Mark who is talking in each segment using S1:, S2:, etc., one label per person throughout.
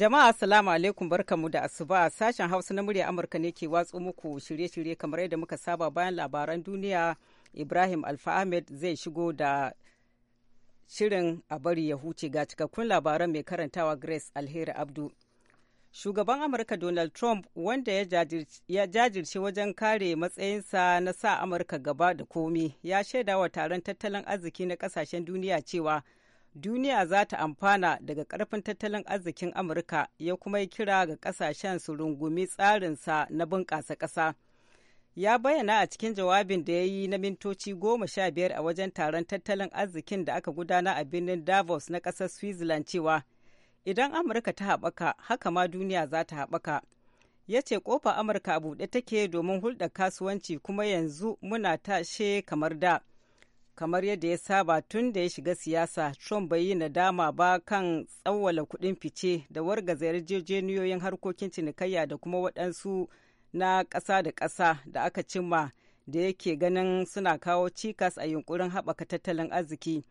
S1: Jama'a assalamu alaikum barkamu da asuba sashen Hausa na murya Amurka ne ke watsu muku shirye-shirye kamar yadda muka saba bayan labaran duniya Ibrahim Alfa Ahmed zai shigo da shirin a bari ya huce ga cikakkun labaran mai karantawa Grace Alheri Abdu. Shugaban Amurka Donald Trump wanda ya jajirce wajen kare matsayinsa na sa Amurka gaba da komi ya shaidawa taron tattalin arziki na kasashen duniya cewa duniya za ta amfana daga karfin tattalin arzikin amurka ya kuma yi kira ga kasashen su rungumi tsarinsa na bunƙasa ƙasa ya bayyana a cikin jawabin da ya yi na mintoci goma sha biyar a wajen taron tattalin arzikin da aka gudana a birnin davos na ƙasar switzerland cewa idan amurka ta haɓaka haka ma duniya za ta haɓaka ya ce kofa amurka a buɗe take domin hulɗar kasuwanci kuma yanzu muna tashe kamar da kamar yadda ya saba tun da ya shiga siyasa trump bai yi nadama ba kan tsawwala kudin fice da wargaza yarjejeniyoyin harkokin cinikayya da kuma waɗansu na ƙasa da ƙasa da aka cimma da yake ganin suna kawo cikas a yunkurin haɓaka tattalin arziki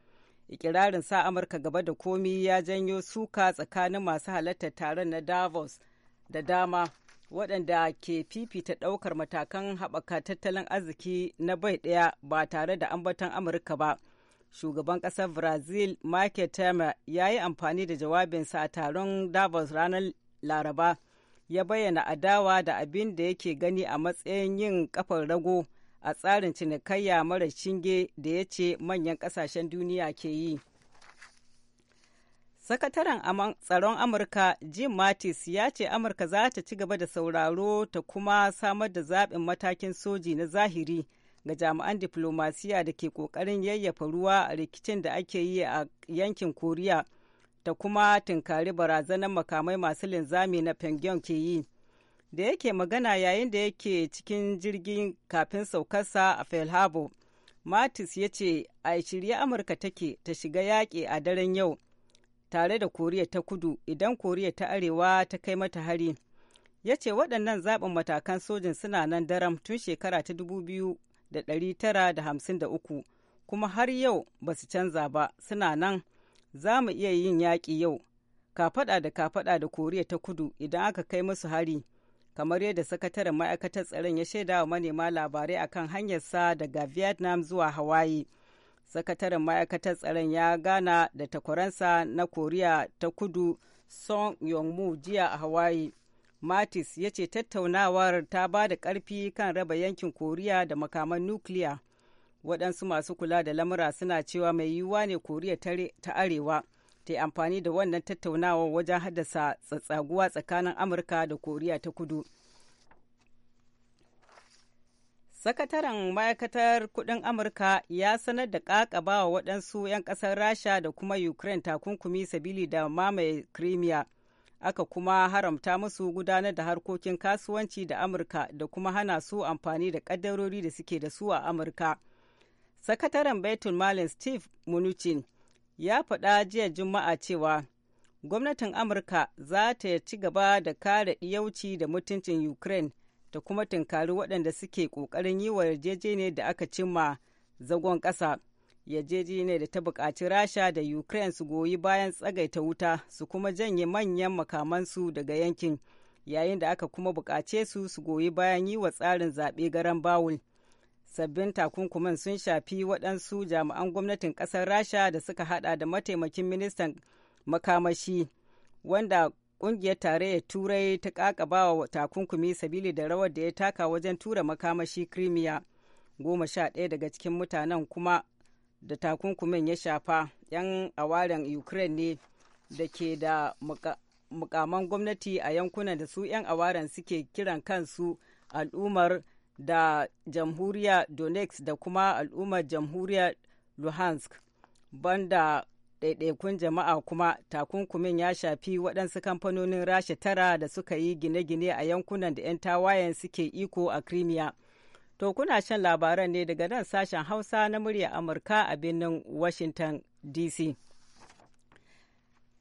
S1: ikirarin sa amurka gaba da komi ya janyo suka tsakanin masu halartar taron na davos da dama waɗanda ke fifita ɗaukar matakan haɓaka tattalin arziki na bai ɗaya ba tare da ambaton amurka ba shugaban ƙasar brazil michael temer ya yi amfani da jawabinsa a taron davos ranar laraba ya bayyana adawa da abin da yake gani a matsayin yin ƙafar rago a tsarin cinikayya mara shinge da ya ce manyan ƙasashen duniya ke yi Sakataren tsaron Amurka Jim Mattis ya ce Amurka za ta ci gaba da sauraro ta kuma samar da zaɓin matakin soji na zahiri ga jami'an diflomasiya da ke ƙoƙarin yayyafa ruwa a rikicin da ake yi a yankin Koriya ta kuma tunkari barazanar makamai masu linzami na Pyongyang ke yi. Da yake magana yayin da yake cikin jirgin kafin saukarsa a Pearl Harbor, Mattis ya ce a shirye Amurka take ta shiga yaƙi a daren yau. tare da koriya ta kudu idan koriya ta arewa ta kai mata hari ya ce waɗannan zaɓin matakan sojin suna nan daram tun shekara ta 2953 kuma har yau ba su canza ba suna nan za mu iya yin yaƙi yau kafaɗa da kafaɗa da koriya ta kudu idan aka kai musu hari kamar yadda sakataren ma'aikatar tsaron ya shaida wa manema labarai akan hanyar sa daga vietnam zuwa hawaii sakataren ma'aikatar tsaron ya gana da takwaransa na koriya ta kudu song yong-mu jiya a hawaii matis ya ce tattaunawar ta ba da ƙarfi kan raba yankin koriya da makaman nukiliya waɗansu masu kula da lamura suna cewa mai yiwuwa ne koriya ta arewa ta yi amfani da wannan tattaunawar wajen haddasa tsatsaguwa tsakanin amurka da koriya ta kudu Sakataren ma'aikatar kudin Amurka ya sanar da kakaba wa waɗansu 'yan ƙasar Rasha da kuma Ukraine takunkumi sabili da mamaye Crimea. Aka kuma haramta musu gudanar da harkokin kasuwanci da Amurka da kuma hana su amfani da ƙaddarori da suke da su a Amurka. Sakataren Baitul Malin Steve Mnuchin ya faɗa jiya Juma'a cewa gwamnatin Amurka za ta ci gaba da kare iyauci da mutuncin Ukraine ta kuma tunkari waɗanda suke ƙoƙarin yi wa yarjejeniyar da aka cimma zagon ƙasa yarjejeniyar da ta buƙaci rasha da ukraine su goyi bayan tsagaita wuta su kuma janye manyan makamansu daga yankin yayin da aka kuma buƙace su su goyi bayan yi wa tsarin zaɓe garan bawul sabbin takunkuman sun shafi waɗansu jami'an gwamnatin ƙasar rasha da suka haɗa da mataimakin ministan makamashi wanda kungiyar tarayyar turai ta kakaba wa takunkumi sabili da rawar da ya taka wajen tura makamashi krimiya goma sha ɗaya daga cikin mutanen kuma da takunkumin ya shafa 'yan awaren ukraine ne da ke da mukaman gwamnati a yankunan da su 'yan awaren suke kiran kansu al'ummar da jamhuriya donetsk da kuma al'ummar jamhuriya luhansk banda ɗaiɗaikun jama'a kuma takunkumin ya shafi waɗansu kamfanonin rasha tara da suka yi gine-gine a yankunan da 'yan tawayen suke iko a crimea to kuna shan labaran ne daga nan sashen hausa na murya amurka a birnin washington dc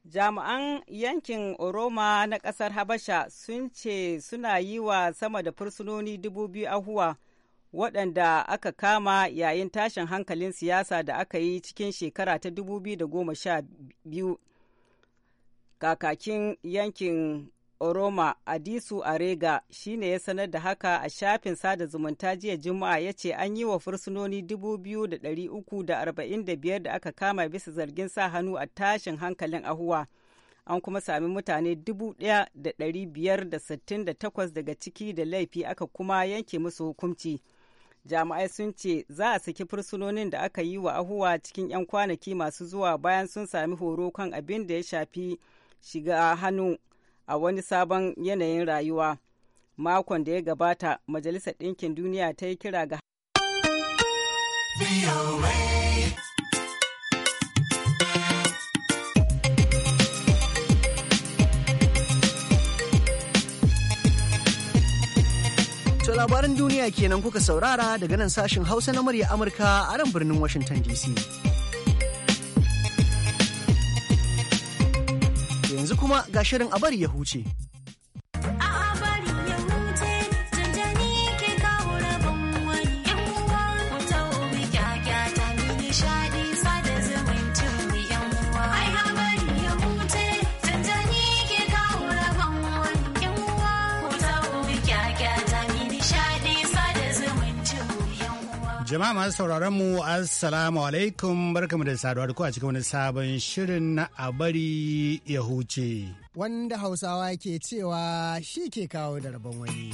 S1: jami'an yankin oroma na ƙasar habasha sun ce suna yi wa sama da fursunoni dubu biyu ahuwa waɗanda aka kama yayin tashin hankalin siyasa da aka yi cikin shekara ta 2012 kakakin yankin oroma adisu arega shine ya sanar da haka a shafin sada zumunta jiya juma'a ya ce an yi wa fursunoni 2,345 da aka kama bisa zargin sa hannu a tashin hankalin ahuwa an kuma sami mutane 1,568 daga ciki da laifi aka kuma yanke musu hukunci. jami'ai sun ce za a saki fursunonin da aka yi wa ahuwa cikin 'yan kwanaki masu zuwa bayan sun sami horo kan abin da ya shafi shiga hannu a wani sabon yanayin rayuwa makon da ya gabata majalisar ɗinkin duniya ta yi kira ga
S2: labaran duniya kenan kuka saurara daga nan sashen Hausa na murya Amurka a nan birnin Washington DC. Yanzu kuma ga shirin a bari ya huce.
S3: Jama'a masu sauraron mu Assalamu alaikum barkamu da saduwa da ku a cikin wani sabon shirin na a bari ya huce.
S2: Wanda Hausawa ke cewa shi ke kawo da rabon wani.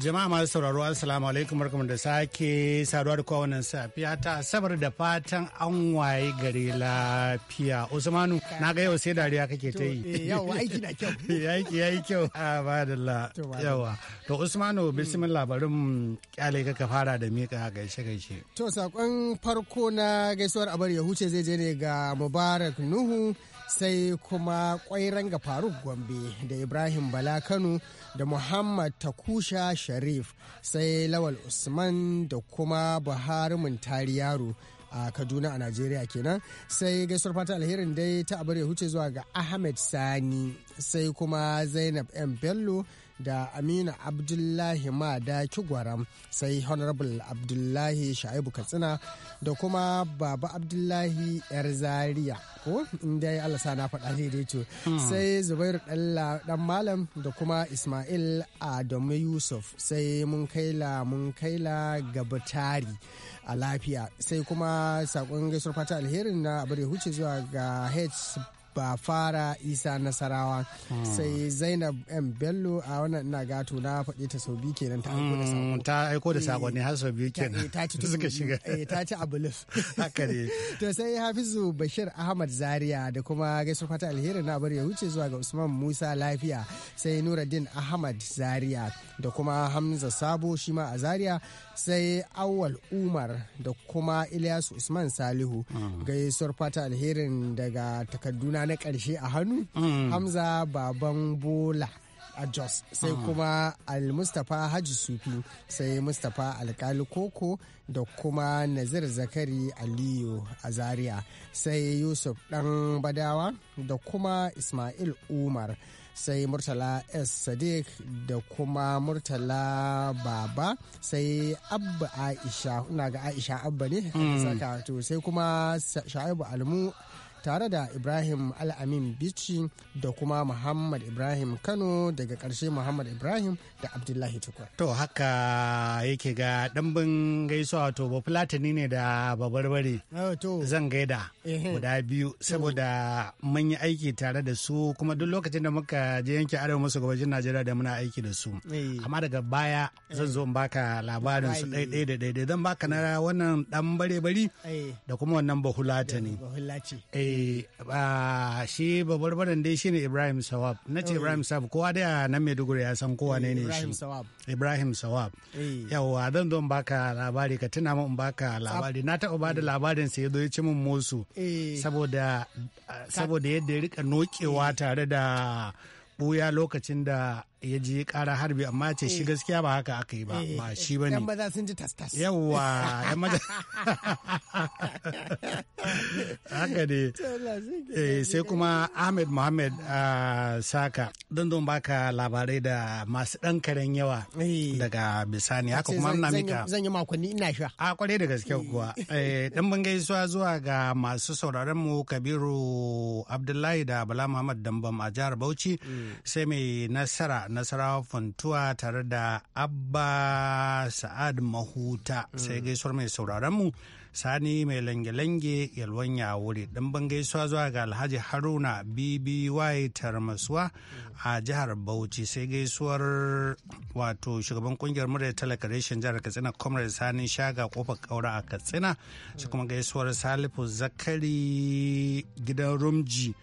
S3: jama'a masu sauraro assalamu alaikum barkamu da sake saduwa da safiya ta asabar da fatan an waye gari lafiya usmanu na ga yau sai dariya kake ta yi eh, yawa aiki na kyau aiki yayi kyau ah, yawa to usmanu mm. bismillah bari kyale ka fara da mika gaishe gaishe
S2: to sakon farko na gaisuwar abar ya huce zai je ne ga mubarak nuhu sai kuma kwairanga faruk gombe da ibrahim bala kano da muhammad takusha sharif sai lawal usman da kuma buhari muntari yaro a kaduna a najeriya kenan sai gaisuwar fata alherin dai ta abar ya huce zuwa ga ahmed sani sai kuma zainab m bello da aminu abdullahi mada gwaram sai honorable abdullahi sha'ibu katsina da kuma baba abdullahi yar zaria ko inda ya alasa na faɗa daidai to hmm. sai zubairu dan malam da kuma ismail adamu yusuf sai mun kaila mun kaila gabatari a lafiya sai kuma sakon gaisuwar fata alherin na abu da huce zuwa ga h ba fara isa nasarawa hmm. sai zainab m bello a wannan ina gato na faɗi ta sau biyu kenan ta aiko da hmm, sako ta aiko da eh, sako ne har sau biyu kenan eh, ta ci suka shiga eh, ta ci abulus haka ne to sai hafizu bashir ahmad zaria da kuma gaisuwar fata alheri na bari ya wuce zuwa ga usman musa lafiya sai nuruddin ahmad zaria da kuma hamza sabo shi ma a zaria sai awal umar da kuma ilyasu usman salihu hmm. gaisuwar fata alherin daga takarduna na na ƙarshe a hannu mm. hamza baban bola a jos sai ah. kuma al-mustapha haji sufi sai mustapha alkali koko da kuma nazir zakari aliyu a zaria sai yusuf dan badawa da kuma ismail umar sai murtala s sadiq da kuma murtala baba sai abba aisha na ga aisha abba ne saka mm. sai kuma sha'ibu almu tare da ibrahim Al Amin Bichi
S3: da kuma muhammad ibrahim kano daga karshe muhammad ibrahim da abdullahi tukur to haka yake ga ɗanbin gaisuwa to ba fulatani ne da babarbare oh, zan gaida guda biyu saboda mun yi aiki tare da su kuma duk lokacin da muka je yanke arewa masu gabashin najeriya da muna aiki da su amma daga baya zan zo baka labarin su ɗaiɗai da ɗaiɗai zan baka na wannan ɗan bare bari da kuma wannan bahulatani. ce eh, shi baran dai shine Ibrahim Sawab. Na ce eh. Ibrahim Sawab kowa da nan Maiduguri ya san kowa ne ne eh, shi. Ibrahim Sawab. yawa zan zo baka labari ka tuna mun baka labari. Na taɓa bada labarin sai zo ya ci min musu. Saboda yadda ya rika nokewa tare da buya lokacin da ya je kara harbi amma ce shi eh. gaskiya ba haka aka yi ba eh. ba shi ne yan
S2: maza sun ji tastas yawa yan maza
S3: haka ne eh, sai kuma Ahmed Mohammed ah, Saka don don baka labarai da masu dan karen yawa daga bisani haka kuma na mika zan
S2: yi makonni ina sha
S3: a kwarai da gaske kuwa dan ban gaisuwa zuwa ga masu sauraron mu Kabiru Abdullahi da Bala Muhammad Dambam a jihar Bauchi mm. sai mai nasara nasarawa fontuwa tare da abba sa'ad mahuta sai mm. gaisuwar mai sauraronmu sani mai lange-lange yalwan wuri Ɗan ban gaisuwa zuwa ga alhaji haruna bby tarmasuwa mm. a jihar bauchi sai gaisuwar wato shugaban kungiyar murya talaka reshen jihar katsina comrade sani shaga kofar kaura a katsina su kuma gaisuwar salifu zakari gidan rumji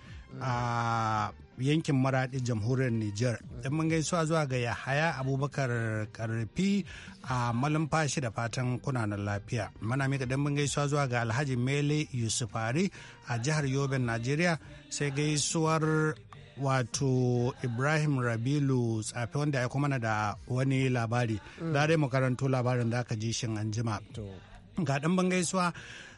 S3: a yankin maraɗi jamhuriyar niger in mun gaisuwa zuwa ga yahaya abubakar karfi a malumfashi da fatan kunanan lafiya mana mika dan mun gaisuwa zuwa ga alhaji mele yusufari a jihar yobe najeriya sai gaisuwar wato ibrahim rabilu tsafi wanda ya kuma da wani labari dare mu karanto labarin da aka ji shin anjima ga dan gaisuwa.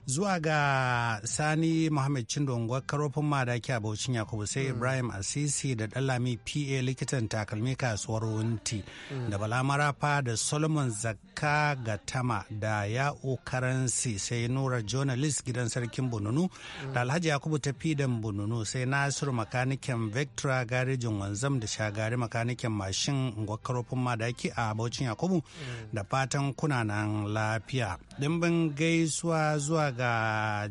S3: zuwa ga sani muhammad cindongo karofin madaki a baucin yakubu sai mm. ibrahim asisi da dalami pa likitan takalmi kasuwar wunti mm. da bala marafa da solomon zakka gatama da ya'u karansi sai nura journalist gidan sarkin bununu mm. da alhaji yakubu ta fidan bununu sai nasiru makanikin vectra garejin wanzam da shagari makanikin mashin karofin madaki a abocin yakubu da fatan kunanan lafiya dimbin gaisuwa zuwa ga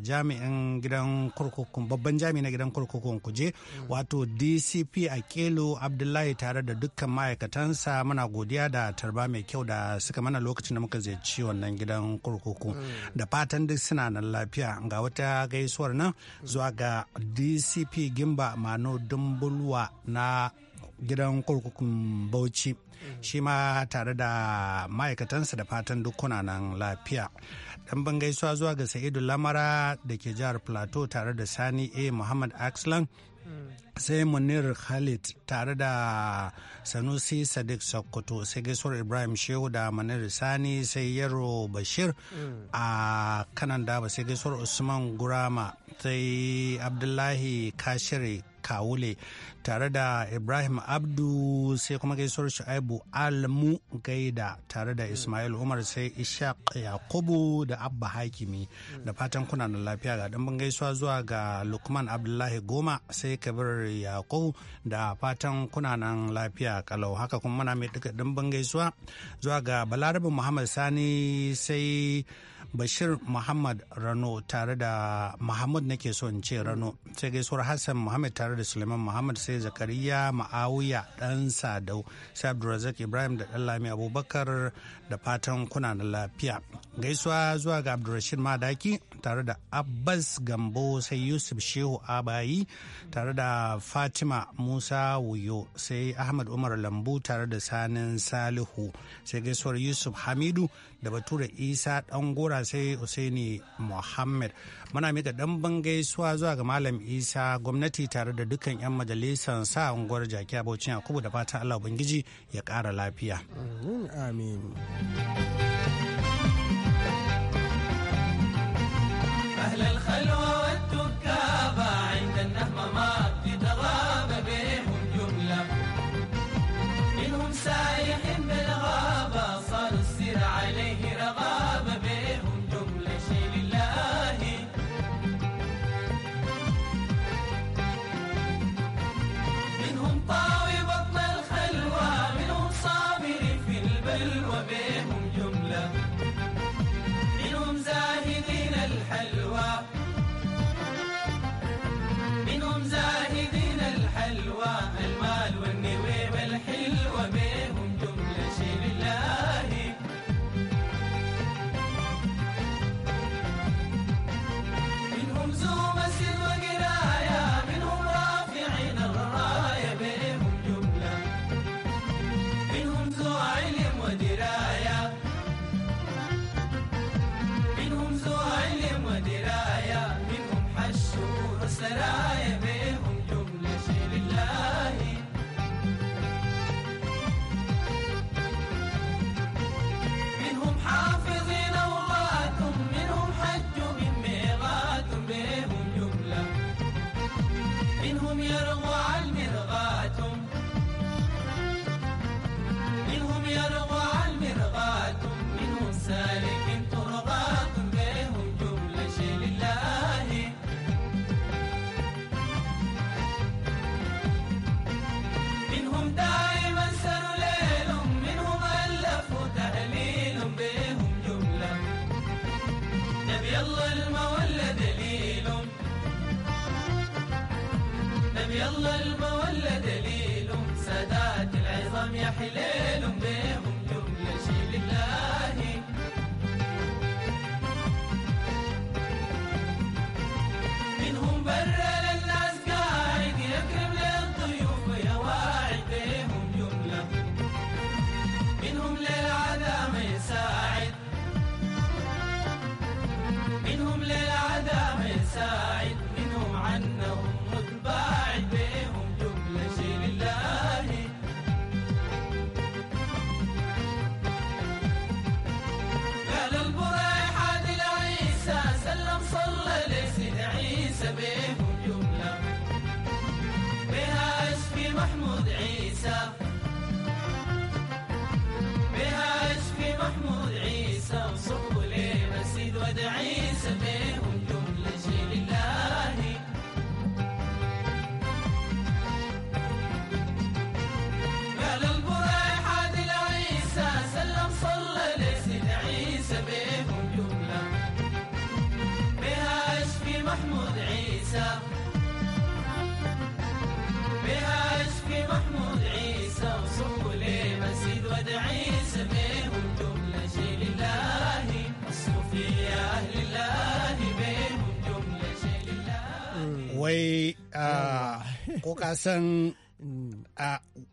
S3: jami'in gidan kurkukun babban jami'in na gidan kurkukun kuje wato dcp a kelo abdullahi tare da dukkan ma'aikatansa muna godiya da tarba mai kyau da suka mana lokacin da muka ziyarci wannan gidan kurkuku mm. da fatan duk suna nan lafiya ga wata gaisuwar nan zuwa ga dcp gimba mano dumbulwa na gidan kurkukun bauchi shi ma tare da ma'aikatansa da fatan dukkuna nan lafiya dan ban gaisuwa zuwa ga sa'idu lamara da ke jihar plateau tare da sani a muhammad axlan sai munir khalid tare da sanusi sadiq sokoto sai gaisuwar ibrahim shehu da munir sani sai yaro bashir a kanan daba sai gaisuwar usman gurama sai abdullahi kashiri Kawule tare da Ibrahim Abdu sai kuma gaisuwar Shu'aibu Almu Gaida tare da Ismail Umar sai Ishaq Yakubu da Abba Hakimi da fatan kuna da lafiya ga ɗan gaisuwa zuwa ga Lukman Abdullahi Goma sai Kabir Yakubu da fatan kuna nan lafiya kalau haka kuma muna mai ɗimbin gaisuwa zuwa ga Balarabe Muhammad Sani sai bashir muhammad rano tare da muhammad nake so in ce rano sai gaisuwar hassan muhammad tare da suleiman muhammad sai zakariya ma'awiya dan sadau sai abdulrazak ibrahim da lami abubakar da fatan kuna da lafiya gaisuwa zuwa ga abdulrashid madaki tare da abbas gambo sai yusuf shehu abayi tare da fatima musa wuyo sai ahmad umar lambu tare da sanin salihu sai gaisuwar yusuf hamidu da bature isa gora sai husaini muhammad muna mika ɗanban gaisuwa zuwa ga malam isa gwamnati tare da dukkan 'yan majalisar sa unguwar jaki abocin yakubu da fatan allah ubangiji ya ƙara lafiya amin
S4: حلال بيه عيسى بهاشفي محمود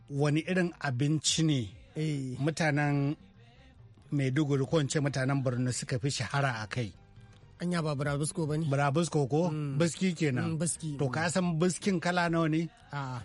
S3: wani irin abinci ne mutanen maiduguri ko mutanen borno suka fi shahara a kai anya ba burabusko ba ne burabusko ko mm. biski kenan mm, to ka san biskin kala nawa ne a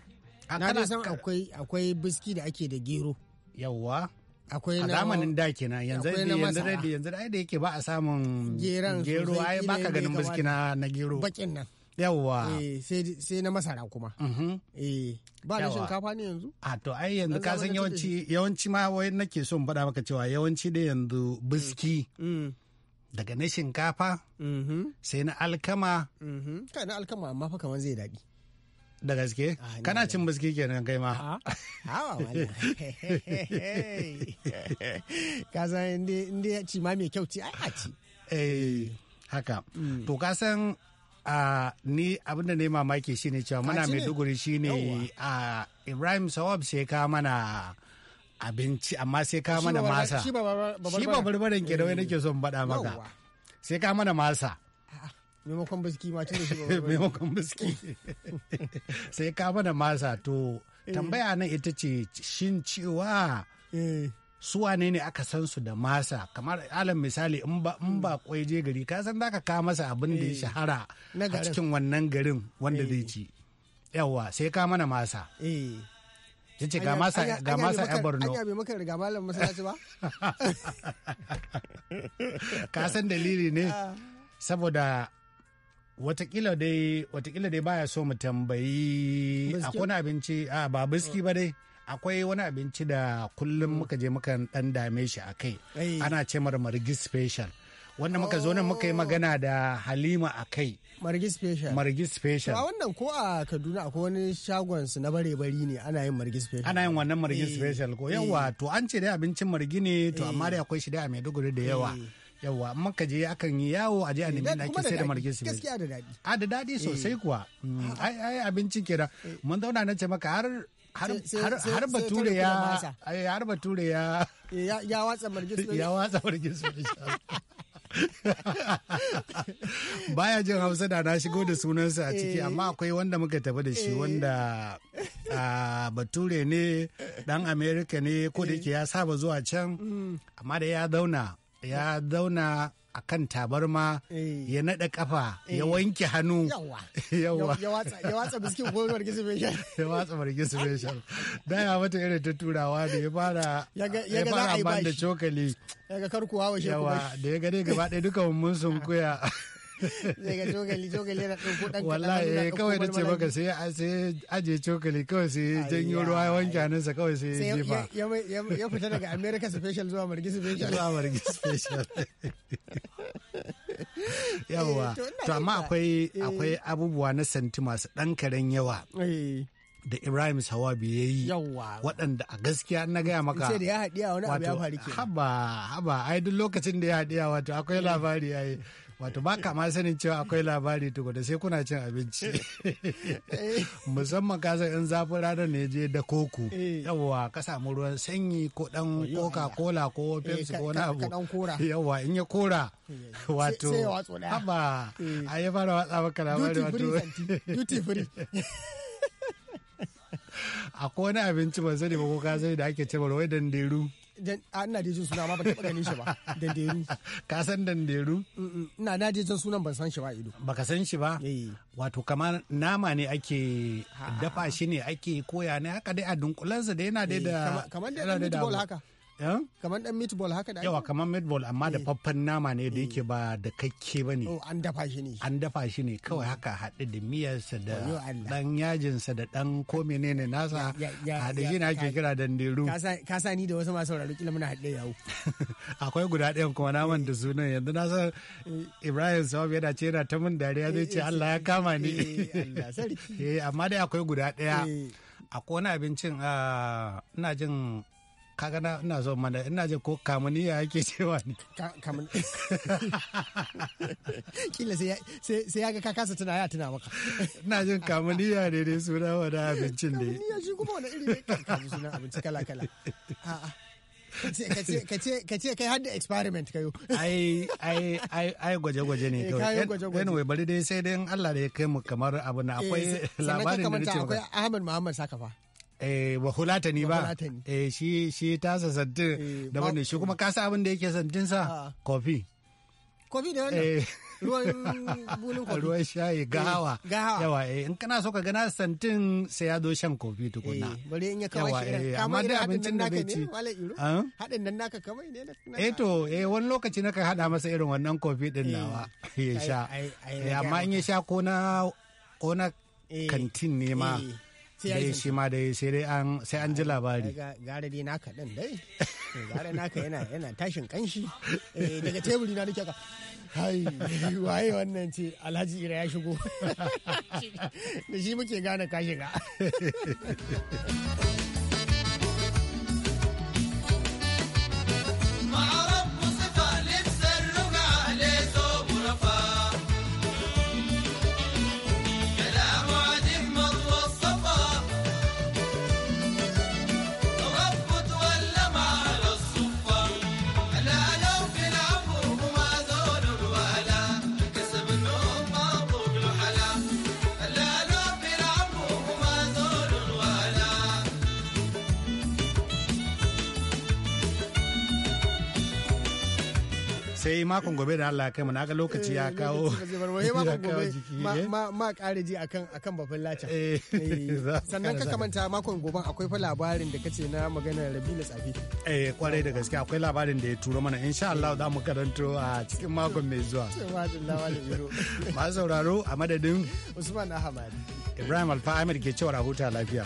S3: na san akwai akwai biski da ake da gero yawwa akwai na zamanin da kenan yanzu yanzu da yanzu da yake ba a samun gero ai baka ganin biski na gero bakin nan yawwa eh, sai na masara kuma mm-hmm. eh, ba da shinkafa ne yanzu a to ai yanzu ka san yawanci yawanci ma wai nake son faɗa maka cewa yawanci da yanzu biski mm. daga na shinkafa mm-hmm. sai na alkama mm-hmm. kai na alkama amma fa kamar zai daɗi da gaske ah, kana cin biski kenan kai ma ah, ah, hawa
S2: ka san inda ya ci ma
S3: mai kyau ci ai a ci eh haka mm. to ka san a ni abinda ne mamaki shine cewa mana duguri shine a ibrahim sawab sai ka mana abinci amma sai ka mana masa shi ba barbaren ke da wai eh, nake son bada maka sai ka mana masa
S2: maimakon biski ma tun da shi ba maimakon
S3: biski sai ka mana masa to eh. tambaya nan ita ce shin cewa eh. su wane ne aka san su da masa kamar alam misali in ba in ba kwai je gari ka san zaka ka masa abin da ya shahara a cikin wannan garin wanda zai ci yawa sai ka mana masa ya ce ga masa ga masa ya borno anya
S2: yabe maka riga malam masallaci ba ka san dalili ne ah.
S3: saboda watakila dai watakila dai baya so mu tambayi akwai abinci a ba biski ba dai akwai wani abinci da kullum mm. muka je muka dan dame shi akai ana ce marmar gis special wanda muka zo nan muka yi magana da halima a kai margi special margi special a wannan ko a kaduna akwai wani shagon su na bare bari ne ana yin margi special ana yin wannan margi eh. special ko yawa eh. to an ce dai abincin margi ne to amma dai eh. akwai shi dai a maiduguri da yawa yawa amma ka je akan yi yawo a je a nemi da sai da margi special gaskiya da dadi a ah, da dadi sosai kuwa mm, ai ai abincin kenan mun zauna na ce maka har har bature ya har bature ya ya watsa
S2: special ya watsa special
S3: baya jin hausa da na shigo da sunansa a ciki eh. amma akwai wanda muka tafi da shi eh. wanda ah, bature ne dan amerika ne ko da eh. yake ya saba zuwa can mm. amma da ya zauna ya zauna a kan tabarma eh. ya naɗa kafa ya eh. wanke hannu yawa ya watsa biskin ko margi special ya watsa da ya mata irin ta turawa da ya fara ya fara ban da cokali
S2: ya ga karkuwa wa sheku yawa
S3: da ya gane gaba ɗaya duka mun sun kuya
S2: zai ga cokali cokali yana ɗauko ɗan wallahi kawai da ce maka sai
S3: aje cokali kawai sai janyo ruwa ya wanke eh, hannunsa kawai sai ya jefa
S2: ya fita daga america special zuwa margi
S3: special zuwa margi special yawwa to amma akwai eh. akwai abubuwa na santi masu ɗan karen yawa da Ibrahim Sawabi ya yi waɗanda a gaskiya na gaya maka sai da ya haɗiya wani abu ya faru ke haba haba ai duk lokacin da ya haɗiya wato akwai eh. labari ya yi wato ba kama sanin cewa akwai labari da sai kuna cin abinci musamman kasar in zafin ranar ne je da koku eh. yawwa ka samu ruwan sanyi ko dan koka kola ko eh, pepsi ko wani abu yawwa in ya kora eh, wato haba a yi fara watsa maka labari wato duty free akwai wani abinci ban sani ba ko ka sani da ake cewa wai dandero ina da jin suna ma ba taɓa ganin shi ba danderu ka san danderu ina na jin sunan ban san shi ba ido ka san shi ba eh. wato kamar nama ne ake dafa shi ne ake koya ne haka dai a dunkulansa da yana dai eh, da kamar da haka Eh? kamar dan meatball haka da yawa kamar meatball amma da eh. faffan nama ne da yake eh. ba da kakke ba ne oh, an dafa shi ne an dafa shi ne kawai mm. haka haɗe da miyarsa da dan yajinsa da dan ko menene nasa haɗe shi ne ake kira da ndiru ka sa ni da wasu masu sauraro kila muna haɗe yawo akwai guda ɗaya kuma naman da sunan yanzu na san ibrahim sawab yana ce yana ta min dariya zai ce allah ya kama ni amma dai akwai guda ɗaya akwai wani abincin ah, ina jin kaga na ina zo mana ina je ko kamaniya yake cewa ne kamun
S2: kila sai ya ga ka kasa tuna ya tana maka
S3: ina jin kamaniya ne dai suna wani abincin ne kamaniya
S2: shi kuma wani iri ne kaji sunan abinci kala kala ka ce kai hadda experiment kayo
S3: ai ai ai gwaje-gwaje ne eh, kawai anyway bari dai sai dai Allah da ya kai mu kamar abu na eh, akwai labarin da nace akwai
S2: Ahmad Muhammad Sakafa
S3: wahulata eh, bahulatani ba eh, shi shi tasa santin eh, da wani shi kuma kasa abin da yake santin sa ah. kofi kofi da wani ruwan bulun kofi ruwan shayi gawa yawa eh in kana so ka gana santin sai ya zo shan kofi tukuna
S2: bare in ya kawai shi amma da abincin da bai ci haɗin nan naka kamar ne
S3: eh to eh wani lokaci na ka haɗa masa irin wannan kofi din nawa ya sha amma in ya sha ko na ko na kantin ne ma dai shi ma dai sai dai an sai an ji labari
S2: gare dai naka din dai gare naka yana yana tashin kanshi eh, daga teburi na nake ka hai waye wannan ce alhaji ira ya shigo da shi muke gane ka shiga
S3: sai makon gobe da Allah kai mu na ga lokaci ya eh, kawo
S2: ma kare eh? ji akan akan babban lacha eh, sannan ka kamanta makon gobe akwai fa labarin da kace na maganar da Tsafi
S3: eh kwarai da gaske akwai labarin da ya turo mana insha Allah za mu karanto a cikin makon mai zuwa ma sauraro a madadin
S4: Usman Ahmad
S3: Ibrahim Alfa Ahmed ke cewa huta lafiya